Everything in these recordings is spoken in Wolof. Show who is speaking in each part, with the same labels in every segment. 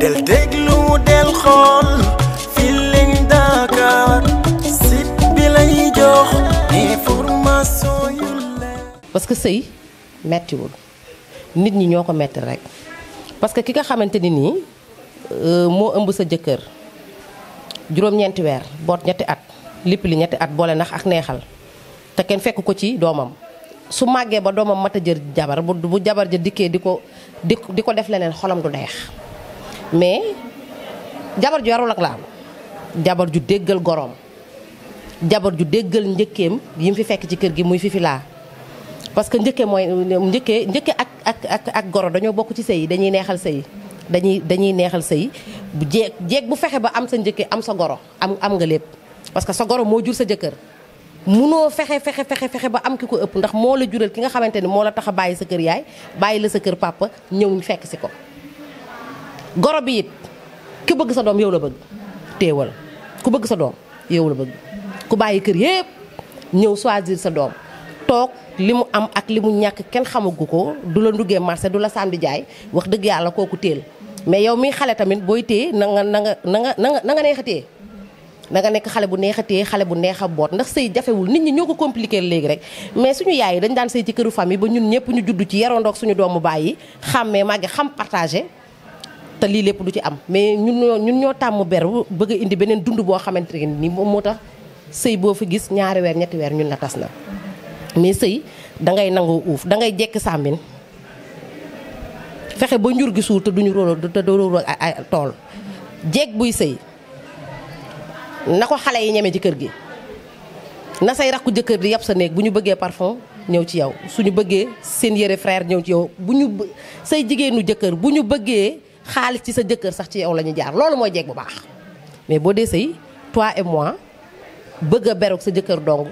Speaker 1: del déglu del xool Feeling Dakar site lay jox information yu leer
Speaker 2: parce que sëy mettiwul nit ñi ñoo ko metti rek parce que ki nga xamante ni nii euh, moo ëmb sa jëkkër juróom-ñeenti weer boot ñetti at lépp li ñetti at boole nax ak neexal te kenn fekk ko ci doomam su màggee ba doomam mat a jër jabar bu jabar ja dikkee di ko di di ko def leneen xolam du neex mais jabar ju yarul ak laam jabar ju déggal goroom jabar ju déggal njëkkeem yi mu fi fekk ci kër gi muy fi fi laa parce que njëkke mooy njëkkee njëkke ak ak ak goro dañoo bokk ci sëy dañuy neexal sëy dañuy dañuy neexal sëy bu jeeg bu fexe ba am sa njëkke am sa goro am am nga lépp parce que sa goro moo jur sa jëkkër munoo fexe fexe fexe fexe ba am ki ko ëpp ndax moo la jural ki nga xamante ni moo la tax a bàyyi sa kër yaay bàyyi la sa kër papa ñëw ñu fekk si ko goro bi it ki bëgg sa doom yow la bëgg téewal ku bëgg sa doom yow la bëgg ku bàyyi kër yépp ñëw choisir sa doom toog li mu am ak li mu ñàkk kenn xamagu ko du la nduggee marché du la sàmbi jaay wax dëgg yàlla kooku téel mais yow miy xale tamit booy téye na nga na nga na nga na nga neex a na nga nekk xale bu neex a xale bu neex a boot ndax sëy jafewul nit ñi ñoo ko compliqué léegi rek mais suñu yaay yi dañ daan sëy ci këru famille ba ñun ñëpp ñu judd ci yarondoog suñu doomu bàyyi xàmmee màgge xam te lii lépp du ci am mais ñun ñoo ñun ñoo tàmm beru bëgg indi beneen dund boo xamante ne nii moom moo tax sëy boo fi gis ñaari weer ñetti weer ñun la tas na mais sëy dangay nangu uuf dangay jekki sàmmin fexe ba njur gi suur te duñu róoroo te doo ay tool jeeg buy sëy na ko xale yi ñeme ci kër gi na say rakku jëkkër di yàpp sa néeg bu ñu bëggee parfum ñëw ci yow suñu bëggee seen yére frère ñëw ci yow bu ñu say jigéenu jëkkër bu ñu bëggee xaalis ci sa jëkkër sax ci yow la ñu jaar loolu mooy jeeg bu baax mais boo dee sëy toi et moi bëgg a beroog sa jëkkër dong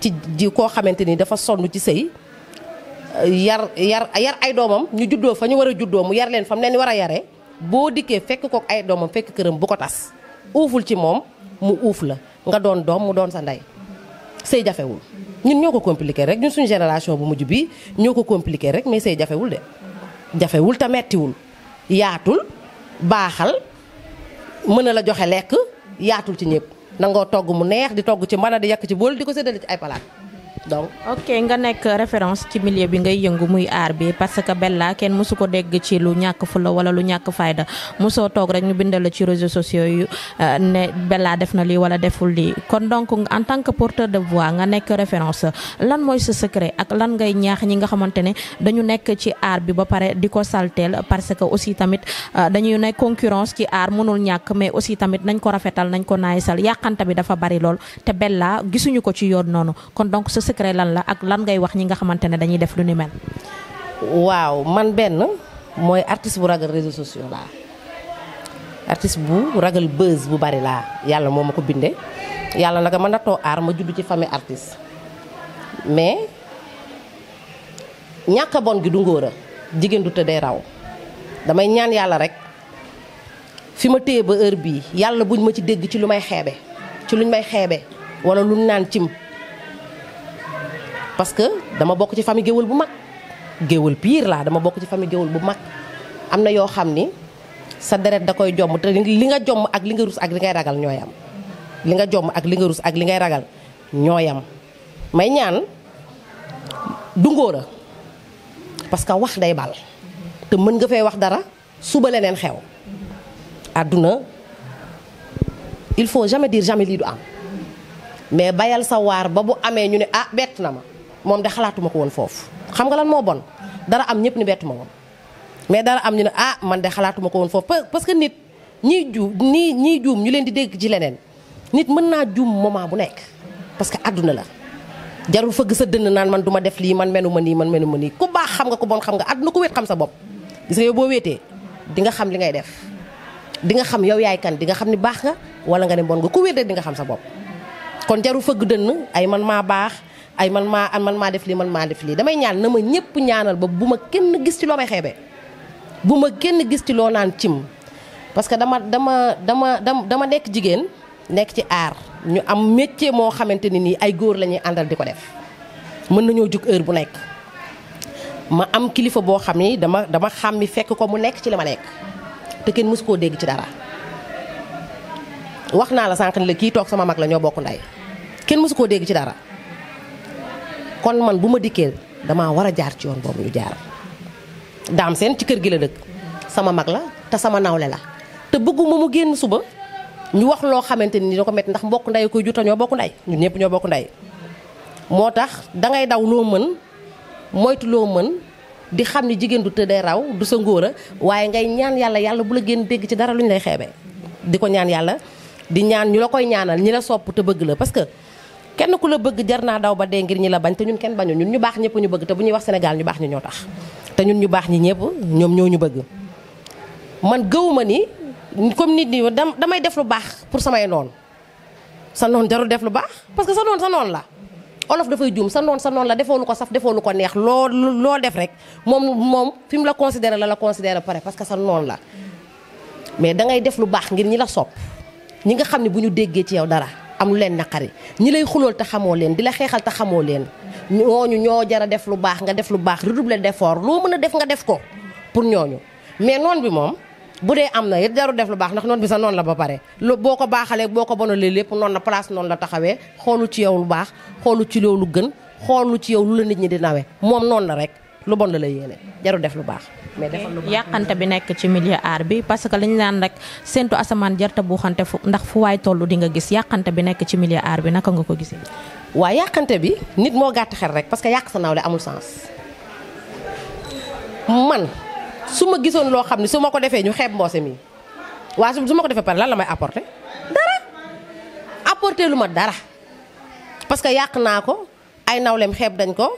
Speaker 2: ci ji koo xamante ni dafa sonn ci sëy yar yar yar ay doomam ñu juddoo fa ñu war a juddoo mu yar leen fa fam leen war a yaree boo dikkee fekk kook ay doomam fekk këram bu ko tas uuful ci moom mu uuf la nga doon doom mu doon sa ndey sëy jafewul ñun ñoo ko compliqué rek ñun suñu génération bu mujj bi ñoo ko compliqué rek mais sëy jafewul de jafewul te mettiwul yaatul baaxal mën a la joxe lekk yaatul ci ñëpp nangoo togg mu neex di togg ci mën di yekk ci bool di ko séddale ci ay palaat
Speaker 1: daw. ok nga nekk référence ci milieu bi ngay yëngu muy aar bi parce que Bella kenn mosu ko dégg ci lu ñàkk fula wala lu ñàkk fayda mosoo toog rek ñu bindal ci réseaux sociaux yu euh, ne Bella def na lii wala deful lii kon donc en tant que porteur de voie nga nekk référence lan mooy sa secret ak lan ngay ñaax ñi nga xamante ne dañu nekk ci aar bi ba pare di ko salteel parce que aussi tamit euh, dañuy nekk concurrence ci aar mënul ñàkk mais aussi tamit nañ ko rafetal nañ ko naayisal yàqante bi dafa bari lool te Bella gisuñu ko ci yoon noonu secret lan la ak lan ngay wax ñi nga xamante ne dañuy def lu ni mel.
Speaker 2: waaw man benn mooy artiste bu ragal réseaux sociaux laa artiste bu ragal buzz bu bari laa yàlla moo ma ko bindee yàlla naka ma nattoo aar ma juddu ci famille artiste mais ñàkk bon gi du ngóor a jigéen du tëddee raw damay ñaan yàlla rek fi ma téye ba heure bii yàlla buñ ma ci dégg ci lu may xeebe ci luñ may xeebe wala luñ naan cim. parce que dama bokk ci famille géwël bu mag géwël pire laa dama bokk ci famille géwël bu mag am na yoo xam ni sa deret da koy jomm te li nga jomm ak li nga rus ak li ngay ragal ñooy li nga jomm ak li nga rus ak li ngay ragal ñooy am may ñaan dungóor a parce que wax day bal te mën nga fay wax dara suba leneen xew adduna il faut jamais dire jamais lii du am mais bayal sa waar ba bu amee ñu ne ah bett na ma moom de xalaatuma ko woon foofu xam nga lan moo bon dara am ñëpp ni bettu ma woon mais dara am ñu ne ah man de xalaatuma ko woon foofu parce que nit ñiy juum nii ñii juum ñu leen di dégg ci leneen nit mën naa juum moment bu nekk parce que àdduna la jarul fëgg sa dënn naan man du ma def lii man menu ma nii man menu ma nii ku baax xam nga ku bon xam nga àdduna ku wéet xam sa bopp gis nga yow boo wéetee di xam li ngay def di nga xam yow yaay kan di nga xam ni baax nga wala nga ne bon nga ku di nga xam sa bopp kon jarul fëgg dënn ay man maa baax ay man maa man maa def lii man maa def lii damay ñaan na ma ñëpp ñaanal ba bu ma kenn gis ci loo may xeebe bu ma kenn gis ci loo naan cim parce que dama dama dama dama nekk jigéen nekk ci aar ñu am métier moo xamante ni nii ay góor la ñuy àndal di ko def mën nañoo jug heure bu nekk ma am kilifa boo xam ni dama dama xàmmi fekk ko mu nekk ci li ma nekk te kenn mësu koo dégg ci dara wax naa la sànq ni la kii toog sama mag la ñoo bokk ndey kenn mësu koo dégg ci dara kon man bu ma dikkee damaa war a jaar ci yoon boobu ñu jaar daam seen ci kër gi la dëkk sama mag la te sama nawle la te bëgguma mu génn suba ñu wax loo xamante ni dina ko métti ndax mbokk nday koy jutta ñoo bokk nday ñun ñëpp ñoo bokk nday moo tax dangay daw loo mën moytu loo mën di xam ni jigéen du tëddee raw du sa ngóora waaye ngay ñaan yàlla yàlla bu la génn dégg ci dara lu ñu lay xeebee di ko ñaan yàlla di ñaan ñu la koy ñaanal ñi la sopp te bëgg la parce kenn ku la bëgg jar naa daw ba dee ngir ñi la bañ te ñun kenn bañu ñun ñu baax ñëpp ñu bëgg te bu ñuy wax Sénégal ñu baax ñi ñoo tax te ñun ñu baax ñi ñëpp ñoom ñoo ñu bëgg man gëwuma ni comme nit ñi damay def lu baax pour samay noon sa noon jarul def lu baax parce que sa noon noon la olof dafay juum sa noon sa noon la defoo ko saf defoo lu ko neex loo loo def rek moom moom fi mu la considéré la la considéré pare parce que sa noon la mais dangay def lu baax ngir ñi la sopp ñi nga xam ne bu ñu déggee ci yow dara am lu leen naqari ñi lay xulool te xamoo leen di la xeexal te xamoo leen ñu ñoo jara def lu baax nga def lu baax redoubler d'effort loo mën a def nga def ko pour ñooñu mais noon bi moom bu dee am na it jaru def lu baax ndax noon bi sa noon la ba pare lu boo ko baaxalee boo ko bonalee lépp noon na place noonu la taxawe xoolu ci yow lu baax xoolu ci yow lu gën xoolu ci yow lu la nit
Speaker 1: ñi di nawe moom noonu na rek lu bon la lay yéene jarul def lu baax. mais lu yàqante bi nekk ci milieu art bi parce que li ñu naan rek séntu asamaan jarta buuxante fu ndax fu waay tollu di nga gis yàqante bi nekk ci milieu art bi naka nga ko gisee. waa yàqante bi
Speaker 2: nit moo gàtt xel rek parce que yàq sa nawle amul sens man su ma gisoon loo xam ne su ma ko defee ñu xeeb mboose mii waa su ma ko defee pare lan la may apporter dara apporter lu ma dara parce que yàq naa ko ay nawleem xeeb dañ ko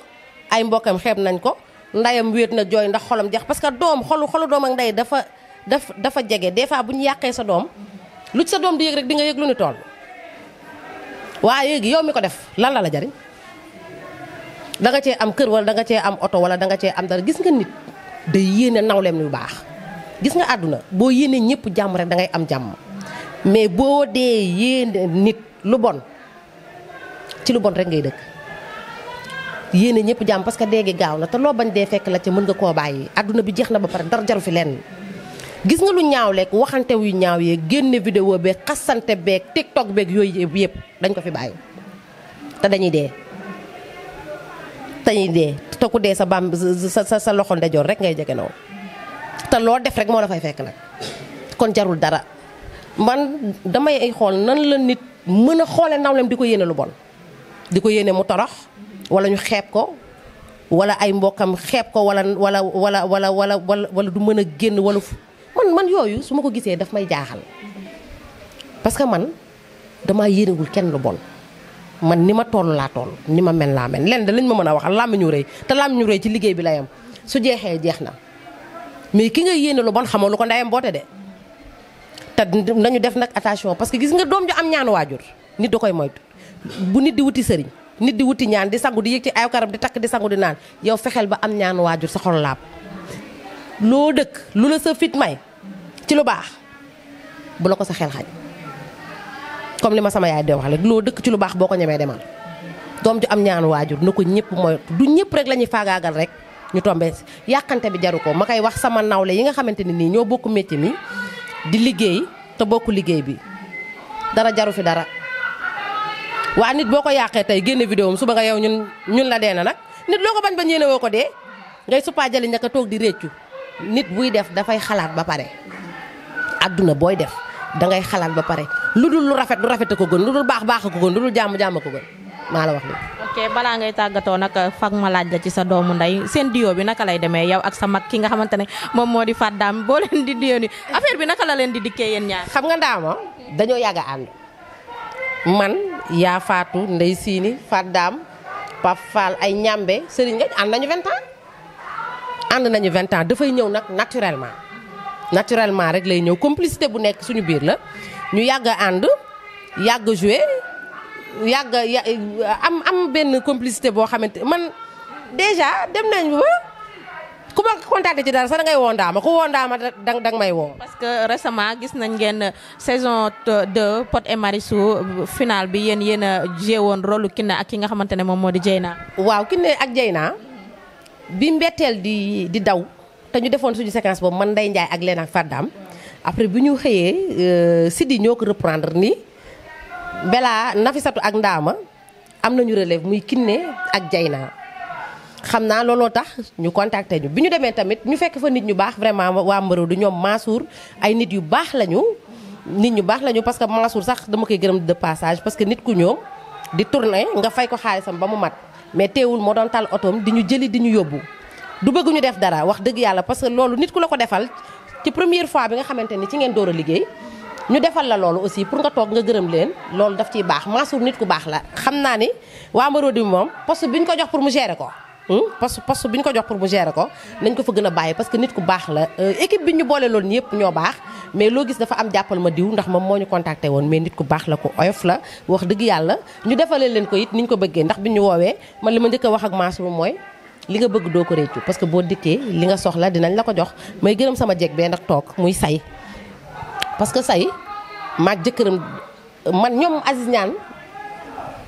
Speaker 2: ay mbokkam xeeb nañ ko. ndayam wéet na jooy ndax xolam jeex parce que doom xolu xolu doom ak nday dafa daf dafa jege des fois bu ñu yàqee sa doom lu ci sa doom di yëg rek di nga yëg lu ni tool waaye léegi yow mi ko def lan la la jariñ danga nga cee am kër wala danga nga cee am oto wala da nga cee am dara gis nga nit day yéene nawleem yu baax gis nga àdduna boo yéene ñëpp jàmm rek dangay am jàmm mais boo dee yéene nit lu bon ci lu bon rek ngay dëkk yéene ñëpp jàmm parce que dee gi gaaw na te loo bañ dee fekk la ca mën nga koo bàyyi àdduna bi jeex na ba pare dara jaru fi lenn. gis nga lu ñaaw lekk waxante wu ñaaw yeeg génne vidéo beeg xasante beeg tiktok beeg yooyu yëpp dañ ko fi bàyyi te dañuy dee. dañuy dee te ku dee sa bam sa sa sa loxo ndejoor rek ngay jege noo te loo def rek moo la fay fekk nag kon jarul dara man damay ay xool nan la nit mën a xoole nawlem di ko yéene lu bon di ko yéene mu torox. wala ñu xeeb ko wala ay mbokkam xeeb ko wala wala wala wala wala wala du mën a génn wala man man yooyu su ma ko gisee daf may jaaxal parce que man damaa yéenewul kenn lu bon man ni ma toll laa toll ni ma mel laa mel lenn da lañ ma mën a waxal làmmiñ ñu rëy te làmmiñ ñu rëy ci liggéey bi la yam su jeexee jeex na mais ki nga yéene lu bon xamoo lu ko ndeyam boote de te nañu def nag attention parce que gis nga doom ju am ñaanu waajur nit da koy moytu bu nit di wuti sëriñ nit di wuti ñaan di sangu di yëg ci ayu karam di takk di sangu di naan yow fexeel ba am ñaan waajur sa xol loo dëkk lu la sa fit may ci lu baax bu la ko sa xel xaj comme li ma sama yaay di wax loo dëkk ci lu baax boo ko ñemee demal doom ju am ñaan waajur na ko ñëpp mooy du ñëpp rek la ñuy faagaagal rek ñu tombee yàqante bi jaru ko ma koy wax sama nawle yi nga xamante ne nii ñoo bokk métier mi di liggéey te bokk liggéey bi dara jaru fi dara waa nit boo ko yàqee tey génne vidéo am suba nga yow ñun ñun la dee na nag nit loo ko bañ bañ yéene woo ko dee ngay suppa jëli ñaka toog di réccu nit buy def dafay xalaat ba pare adduna booy def dangay xalaat ba pare lu dul lu rafet lu rafet a ko gën lu dul baax baax ko gën lu dul jàmm jàmm ko gën maa la wax nii.
Speaker 1: ok balaa ngay tàggatoo nag fag ma laaj la ci sa doomu ndey seen diyo bi naka lay demee yow ak sa mag ki nga xamante ne moom moo di fàddaam boo leen di diyo ni affaire bi naka la leen di dikkee yéen ñaar. xam nga ndaama dañoo yàgg a ànd.
Speaker 2: man yaa faatu ndey siini faat daam Pape Fall ay ñambe Serigne Ngagne ànd nañu vingt ans ànd nañu vingt ans dafay ñëw nag naturellement naturellement rek lay ñëw complicité bu nekk suñu biir la ñu yàgg a ànd yàgg a joué yàgg am am benn complicité boo xamante man déjà dem nañ ba ku ma contacté ci dara sax da ngay woo Ndaama ku woo Ndaama da
Speaker 1: nga may woo. parce que récemment gis nañ ngeen saison 2 Pod et Marichou final bi yéen yéen a jéewoon rôle Kiné ak ki nga xamante ne moom moo di Dieyna. waaw Kiné ak Dieyna bi mbetteel di di daw te ñu defoon suñu séquence boobu man day Ndiaye ak Lena
Speaker 2: ak fardaam après bi ñu xëyee euh, Sidi ñoo ko reprendre ni Bella Nafisatu ak Ndaama am nañu relève muy Kiné ak Dieyna. xam naa looloo tax ñu contacter ñu bi ñu demee tamit ñu fekk fa nit ñu baax vraiment waa Marodi ñoom Mansour ay nit yu baax lañu. nit ñu baax lañu parce que Mansour sax dama koy gërëm de passage parce nit ku ñëw di tourner nga fay ko xaalisam ba mu mat mais teewul moo doon tal otoom di ñu jëli di ñu yóbbu. du bëgg ñu def dara wax dëgg yàlla parce que loolu nit ku la ko defal ci première fois bi nga xamante ni ci ngeen door a liggéey. ñu defal la loolu aussi pour nga toog nga gërëm leen loolu daf ciy baax Mansour nit ku baax la xam naa ni waa Marodi moom poste bi ñu ko jox pour mu gérer ko. poste poste bi ñu ko jox pour bu gérer ko nañ ko fa gën a bàyyi parce que nit ku baax la euh, équipe bi ñu boole loon ñoo baax mais loo gis dafa am jàppal ma diw ndax moom moo ñu contacté woon mais nit ku baax la ko oyof la wax dëgg yàlla ñu defalee leen ko it ni ñu ko bëggee ndax bi ñu woowee man li ma njëkk a wax ak Mansour mooy li nga bëgg doo ko réccu parce que boo dikkee li nga soxla dinañ la ko jox may gërëm sama jeg bee nag toog muy say parce que say maa jëkkëram man ñoom Aziz Niane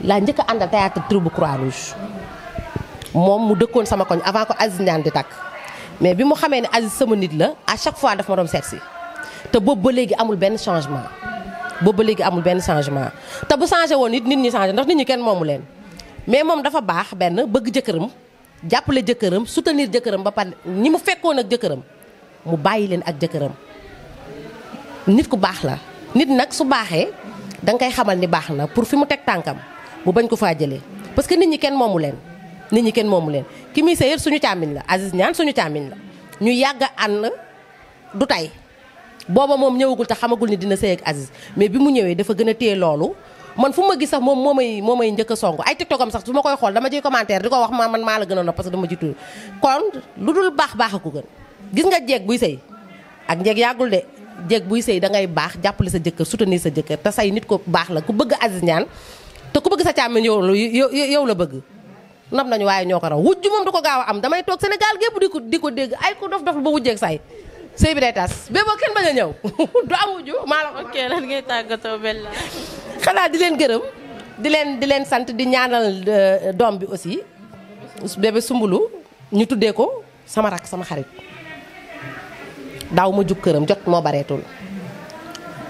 Speaker 2: laa njëkk a àndal théâtre troupe Croix-Rouge moom mu dëkkoon sama koñ avant que Aziz Ndiane di takk mais bi mu xamee ne Aziz sama nit la à chaque fois daf ma doon seet si te boobu ba léegi amul benn changement boobu ba léegi amul benn changement te bu changé woon it nit ñi changé ndax nit ñi kenn moomu leen mais moom dafa baax benn bëgg jëkkëram jàppale jëkkëram su soutenir jëkkëram ba par ñi mu fekkoon ak jëkkëram mu bàyyi leen ak jëkkëram nit ku baax la nit nag su baaxee da nga xamal ni baax na pour fi mu teg tànkam mu bañ ko faa parce que nit ñi kenn moomu leen nit ñi kenn moomu leen ki muy sëyal suñu càmmiñ la Aziz ñaan suñu càmmiñ la ñu yàgg ànd du tey booba moom ñëwagul te xamagul ni dina sëy ak Aziz mais bi mu ñëwee dafa gën a téye loolu man fu ma gis sax moom moo may moo may njëkk a song ay tiktokam sax su ma koy xool dama ciy commentaire di ko wax ma maa a nopp parce que dama ci lu dul baax baax ko gën gis jeeg buy sëy ak jeeg yàggul de jeeg buy sëy da baax jàppale sa jëkkër soutenir sa jëkkër te say nit ko baax la ku bëgg Aziz ñaan te ku bëgg sa càmmiñ yow yow la bëgg nam nañu waaye ñoo ko raw wujj moom du ko gaaw a am damay toog Sénégal gépp di ko di ko dégg ay ko dof dof ba wujjeeg say sëy bi day tas bee boo kenn bañ a ñëw
Speaker 1: du am wujju maa la ko ok lan ngay tàggatoo Bella
Speaker 2: xanaa di leen gërëm di leen di leen sant di ñaanal euh, doom bi aussi bébé sumbulu ñu tuddee ko sama rak sama xarit daaw ma jug këram jot moo bareetul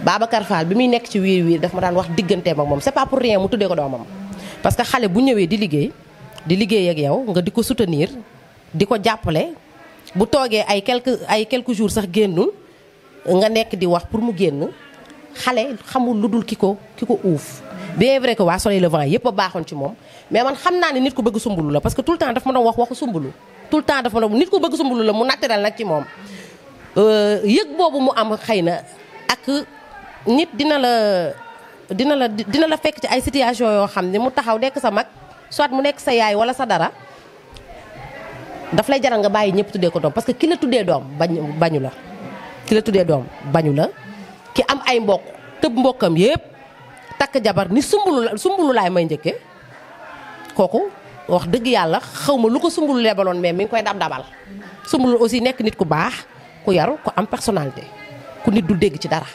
Speaker 2: Babacar Fall bi muy nekk ci wiir wiir daf ma daan wax digganteem ak moom c'est pas pour rien mu tuddee ko doomam parce que xale bu ñëwee di liggéey di liggéey ak yow nga di ko soutenir di ko jàppale bu toogee ay quelque ay quelque jour sax génnul nga nekk di wax pour mu génn xale xamul lu dul ki ko ki ko uuf. bien vrai que waa Soleil Levant yëpp a baaxoon ci moom mais man xam naa ne nit ku bëgg sumbulu la parce que tout le temps daf ma doon wax waxu sumbulu. tout le temps daf ma doon nit ku bëgg sumbulu la mu naturel nag ci moom euh, yëg boobu mu am xëy na ak nit dina la dina la dina la fekk ci ay situation yoo xam ne mu taxaw nekk sa mag. soit mu nekk sa yaay wala sa dara daf lay jaral nga bàyyi ñëpp tuddee ko doom parce que ki la tuddee doom bañu bañu la ki la tuddee doom bañu la ki am ay mbokk tëb mbokkam yëpp takk jabar ni sumbulu sumbulu may njëkke kooku wax dëgg yàlla xaw ma lu ko sumbulu lebaloon mais mi ngi koy dab dabal sumbulu aussi nekk nit ku baax ku yaru ku am personnalité ku nit dul dégg ci dara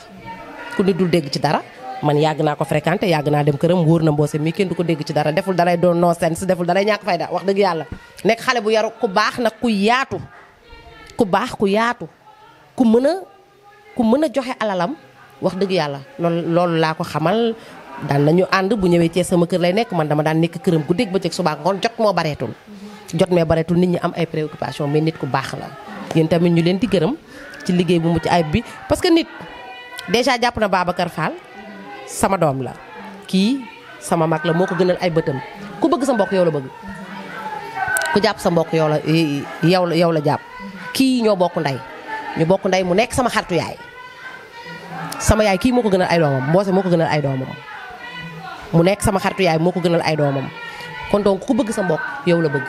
Speaker 2: ku nit dul dégg ci dara man yàgg naa ko fréquenté yàgg naa dem këram wóor na mboose mi kenn du ko dégg ci dara deful dalay doon noo seen si deful dalay ñàkk fayda wax dëgg yàlla nekk xale bu yaru ku baax nag ku yaatu ku baax ku yaatu ku mën a ku mën a joxe alalam wax dëgg yàlla loolu loolu laa ko xamal daan nañu ànd bu ñëwee cee sama kër lay nekk man dama daan nekk këram ku guddeeg bëccëg subaa ngoon jot moo bareetul jot mee bareetul nit ñi am ay préoccupation mais nit ku baax la yéen ñu leen di gërëm ci liggéey bu mucc ayib bi parce que nit déjà jàpp na Babacar Fall sama doom la kii sama mag la moo ko gënal ay bëtam ku bëgg sa mbokk yow la bëgg ku jàpp sa mbokk yow la yow la yow la jàpp kii ñoo bokk ndey ñu bokk ndey mu nekk sama xaritu yaay sama yaay kii moo ko gënal ay doomam mboose moo ko gënal ay doomam mu nekk sama xaritu yaay moo ko gënal ay doomam kon donc ku bëgg sa mbokk yow la bëgg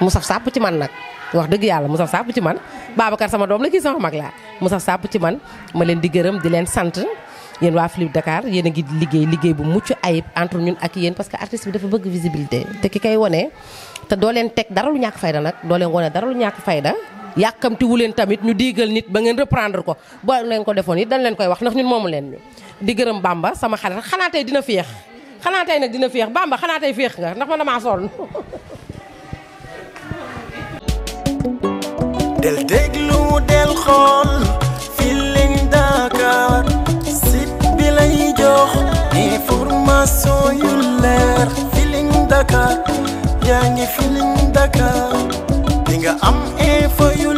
Speaker 2: mu saf sàpp ci man nag wax dëgg yàlla mu saf sàpp ci man Babacar sama doom la kii sama mag laa mu saf sàpp ci man ma leen di gërëm di leen sant yéen waa Philippe Dakar yéen a liggéey liggéey bu mucc ayib entre ñun ak yéen parce que artiste bi dafa bëgg visibilité te ki koy wone te doo leen teg dara lu ñàkk fayda nag doo leen wone dara lu ñàkk fayda yàkkamtiwu leen tamit ñu diigal nit ba ngeen reprendre ko boo leen ko defoon yi dañ leen koy wax ndax ñun moomu leen ñu di gërëm Bamba sama xarit xanaa tey dina féex xanaa tey nag dina féex bàmba xanaa tey féex nga ndax man damaa sonn
Speaker 1: del information yu leer Feeling Dakar yaa ngi Feeling Dakar di nga am info yu